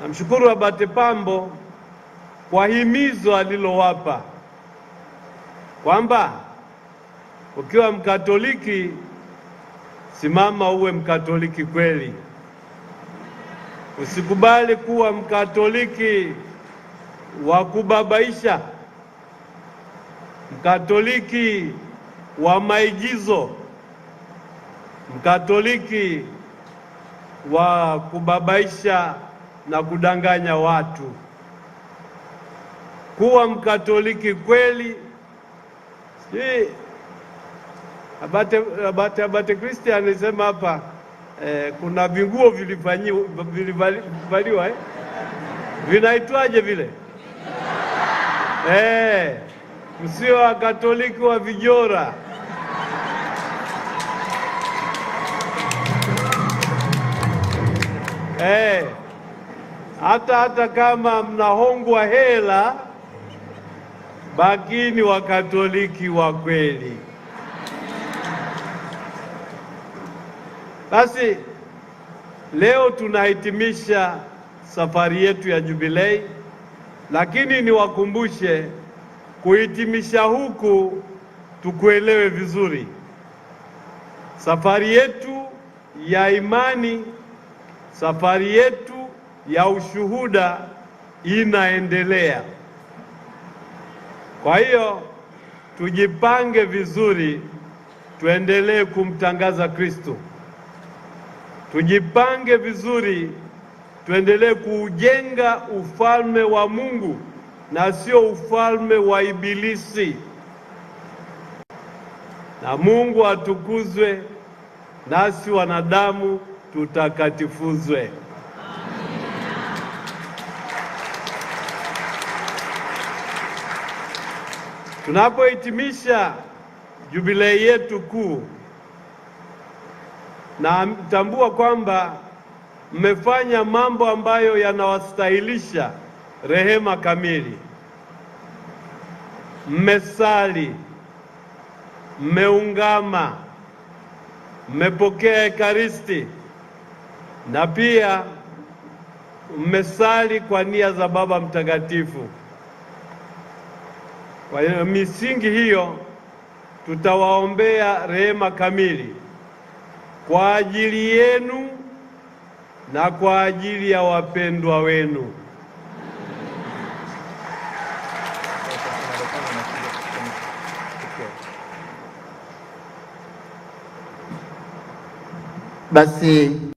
Namshukuru Abate Pambo kwa himizo alilowapa kwamba ukiwa Mkatoliki simama uwe Mkatoliki kweli, usikubali kuwa Mkatoliki wa kubabaisha, Mkatoliki wa maigizo, Mkatoliki wa kubabaisha na kudanganya watu. Kuwa mkatoliki kweli, si abate, abate, abate Kristi anasema hapa eh, kuna vinguo vilivaliwa eh? vinaitwaje vile eh, msio wakatoliki wa vijora hata hata kama mnahongwa hela, bakini Wakatoliki wa kweli. Basi leo tunahitimisha safari yetu ya Jubilei, lakini niwakumbushe kuhitimisha huku tukuelewe vizuri. Safari yetu ya imani, safari yetu ya ushuhuda inaendelea. Kwa hiyo tujipange vizuri, tuendelee kumtangaza Kristo, tujipange vizuri, tuendelee kuujenga ufalme wa Mungu na sio ufalme wa Ibilisi. Na Mungu atukuzwe, nasi wanadamu tutakatifuzwe. Tunapohitimisha jubilei yetu kuu, na mtambua kwamba mmefanya mambo ambayo yanawastahilisha rehema kamili. Mmesali, mmeungama, mmepokea Ekaristi na pia mmesali kwa nia za Baba Mtakatifu. Kwa misingi hiyo tutawaombea rehema kamili kwa ajili yenu na kwa ajili ya wapendwa wenu. Basi